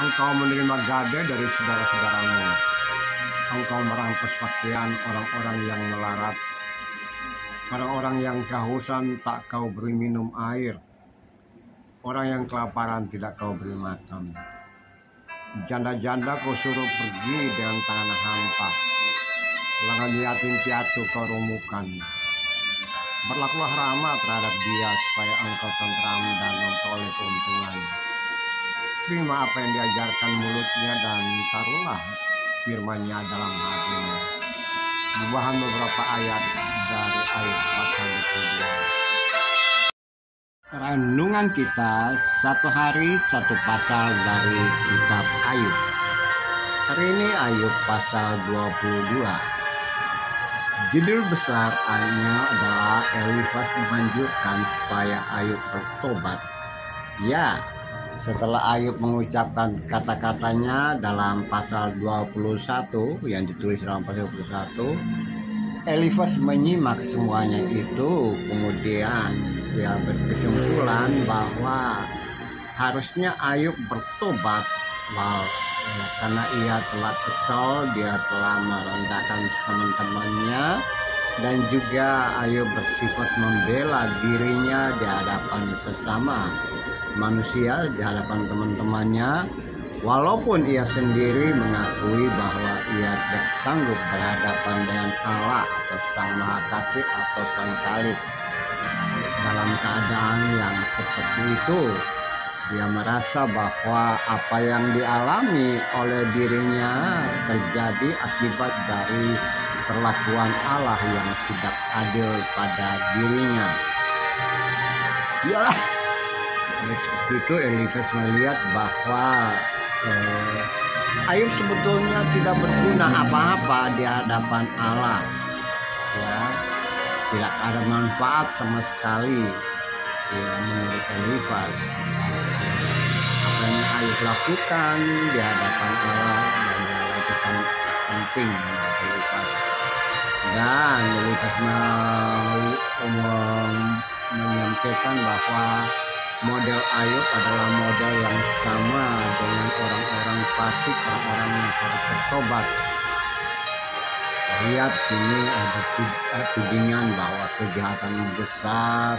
engkau menerima gade dari saudara-saudaramu. Engkau merampas pakaian orang-orang yang melarat. Orang-orang yang kehausan tak kau beri minum air. Orang yang kelaparan tidak kau beri makan. Janda-janda kau suruh pergi dengan tangan hampa. Lengan yatim piatu kau rumukan. Berlakulah ramah terhadap dia supaya engkau tentram dan memperoleh keuntungan. Terima apa yang diajarkan mulutnya dan taruhlah firmannya dalam hatimu. Buahan beberapa ayat dari ayat pasal 7. Renungan kita satu hari satu pasal dari kitab Ayub. Hari ini Ayub pasal 22. Judul besar ayatnya adalah Elifas menganjurkan supaya Ayub bertobat. Ya, setelah Ayub mengucapkan kata-katanya dalam pasal 21 yang ditulis dalam pasal 21, Elifas menyimak semuanya itu, kemudian dia berkesimpulan bahwa harusnya Ayub bertobat wow. ya, karena ia telah kesal, dia telah merendahkan teman-temannya, dan juga ayo bersifat membela dirinya di hadapan sesama manusia, di hadapan teman-temannya, walaupun ia sendiri mengakui bahwa ia tidak sanggup berhadapan dengan Allah atau Sang Maha Kasih atau Sang Khalid Dalam keadaan yang seperti itu, dia merasa bahwa apa yang dialami oleh dirinya terjadi akibat dari perlakuan Allah yang tidak adil pada dirinya. Yalah, oleh sebab itu Elifas melihat bahwa eh, Ayub sebetulnya tidak berguna apa-apa di hadapan Allah. Ya, tidak ada manfaat sama sekali ya, menurut Elifas. Apa yang Ayub lakukan di hadapan Allah dan itu penting menurut Elifas dan Dewi menyampaikan bahwa model Ayub adalah model yang sama dengan orang-orang fasik, orang-orang yang harus bertobat. Lihat sini ada eh, tudingan bahwa kejahatan besar,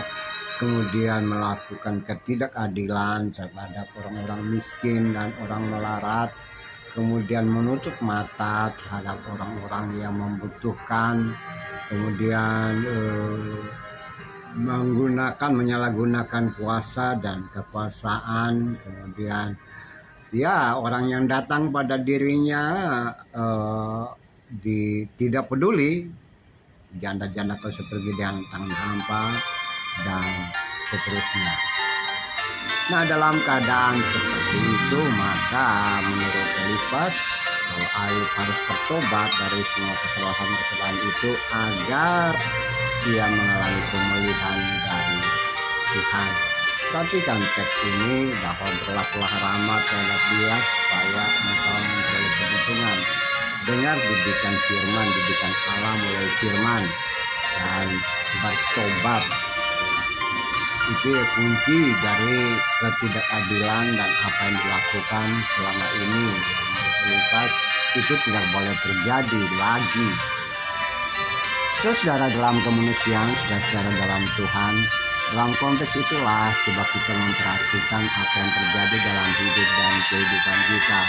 kemudian melakukan ketidakadilan terhadap orang-orang miskin dan orang melarat, kemudian menutup mata terhadap orang-orang yang membutuhkan, kemudian eh, menggunakan menyalahgunakan puasa dan kekuasaan, kemudian ya orang yang datang pada dirinya eh, di tidak peduli janda-janda tersebut seperti yang tangan hampa dan seterusnya. Nah dalam keadaan seperti itu maka menurut Elifas bahwa Ayub harus bertobat dari semua kesalahan-kesalahan itu agar dia mengalami pemulihan dari Tuhan. Perhatikan teks ini bahwa berlakulah ramah terhadap dia supaya engkau memperoleh keuntungan. Dengar didikan firman, didikan Allah oleh firman dan bertobat itu ya kunci dari ketidakadilan dan apa yang dilakukan selama ini Melihat itu tidak boleh terjadi lagi saudara dalam kemanusiaan saudara-saudara dalam Tuhan dalam konteks itulah coba kita memperhatikan apa yang terjadi dalam hidup dan kehidupan kita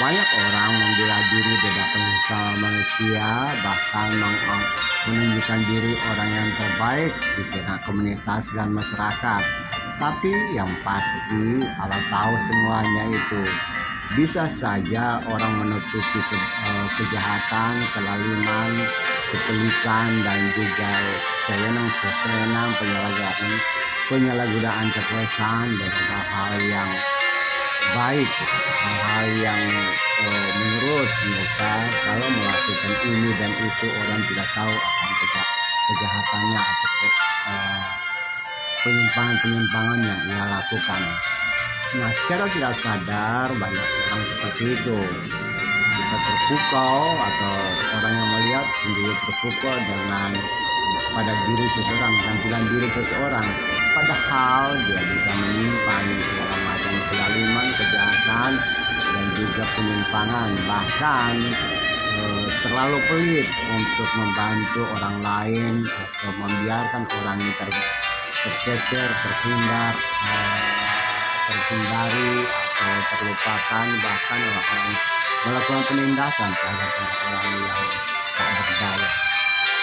banyak orang membela diri di depan manusia bahkan menunjukkan diri orang yang terbaik di tengah komunitas dan masyarakat. Tapi yang pasti Allah tahu semuanya itu. Bisa saja orang menutupi ke, eh, kejahatan, kelaliman, kepelikan dan juga sewenang-sewenang penyalahgunaan penyalahgunaan kekuasaan dan hal-hal yang baik hal-hal yang eh, menurut mereka kalau melakukan ini dan itu orang tidak tahu akan kejahatannya atau eh, penyimpangan-penyimpangan yang ia lakukan nah secara tidak sadar banyak orang seperti itu kita terpukau atau orang yang melihat sendiri terpukau dengan pada diri seseorang tampilan diri seseorang padahal dia bisa menyimpan segala melakukan kedaliman, kejahatan dan juga penyimpangan bahkan eh, terlalu pelit untuk membantu orang lain atau membiarkan orang ter tercecer, terhindar, eh, terhindari atau terlupakan bahkan orang melakukan penindasan terhadap orang-orang yang tak berdaya.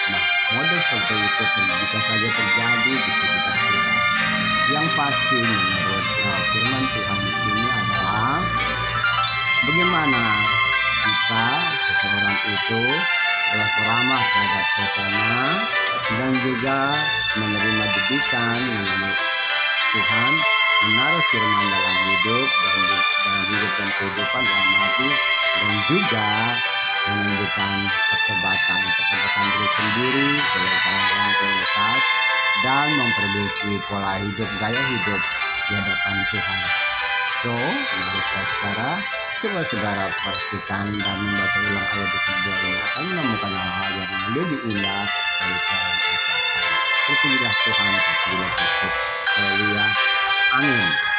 Nah, model seperti itu bisa saja terjadi di sekitar kita yang pasti menurut uh, firman Tuhan di sini adalah bagaimana bisa seseorang itu berceramah terhadap sesama dan juga menerima didikan mengenai Tuhan menaruh firman dalam hidup dan dalam hidup dan kehidupan dalam hati dan juga menunjukkan kesebatan memiliki pola hidup gaya hidup di hadapan Tuhan. So, mari saudara, coba saudara perhatikan dan membaca ulang ayat di kedua yang akan menemukan hal-hal yang lebih indah dari seorang ucapan. Terpujilah Tuhan, terpujilah Kristus. Haleluya. Amin.